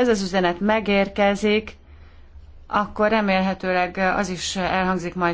ez az üzenet megérkezik, akkor remélhetőleg az is elhangzik majd